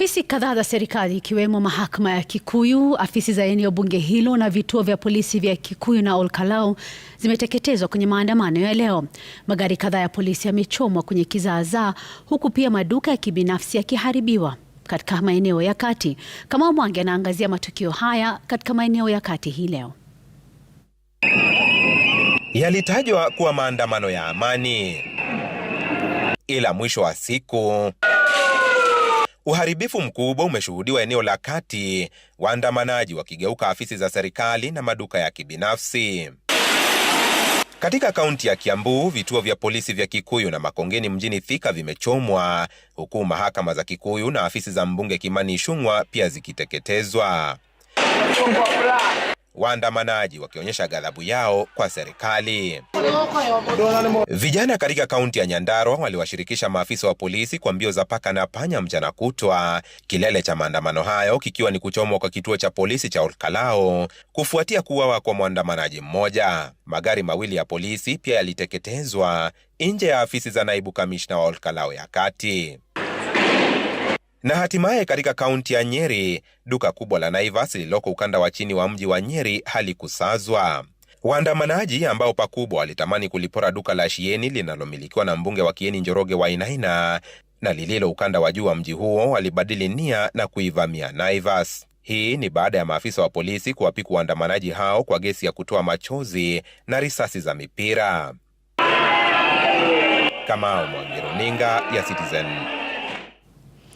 Afisi kadhaa za serikali ikiwemo mahakama ya Kikuyu, afisi za eneo bunge hilo na vituo vya polisi vya Kikuyu na Olkalau zimeteketezwa kwenye maandamano ya leo. Magari kadhaa ya polisi yamechomwa kwenye kizaazaa, huku pia maduka ya kibinafsi yakiharibiwa katika maeneo ya kati. Kamau Mwangi anaangazia matukio haya katika maeneo ya kati hii leo. Yalitajwa kuwa maandamano ya amani, ila mwisho wa siku Uharibifu mkubwa umeshuhudiwa eneo la kati, waandamanaji wakigeuka afisi za serikali na maduka ya kibinafsi. Katika kaunti ya Kiambu, vituo vya polisi vya Kikuyu na Makongeni mjini Thika vimechomwa huku mahakama za Kikuyu na afisi za mbunge Kimani Ichung'wah pia zikiteketezwa waandamanaji wakionyesha ghadhabu yao kwa serikali. Vijana katika kaunti ya Nyandarua waliwashirikisha maafisa wa polisi kwa mbio za paka na panya mchana kutwa, kilele cha maandamano hayo kikiwa ni kuchomwa kwa kituo cha polisi cha Olkalao kufuatia kuuawa kwa mwandamanaji mmoja. Magari mawili ya polisi pia yaliteketezwa nje ya afisi za naibu kamishna wa Olkalao ya kati. Na hatimaye katika kaunti ya Nyeri, duka kubwa la Naivas lililoko ukanda wa chini wa mji wa Nyeri halikusazwa. Waandamanaji ambao pakubwa walitamani kulipora duka la Shieni linalomilikiwa na mbunge wa Kieni Njoroge Wainaina na lililo ukanda wa juu wa mji huo walibadili nia na kuivamia Naivas. Hii ni baada ya maafisa wa polisi kuwapiku waandamanaji hao kwa gesi ya kutoa machozi na risasi za mipira. Kamau Mwangi, runinga ya Citizen.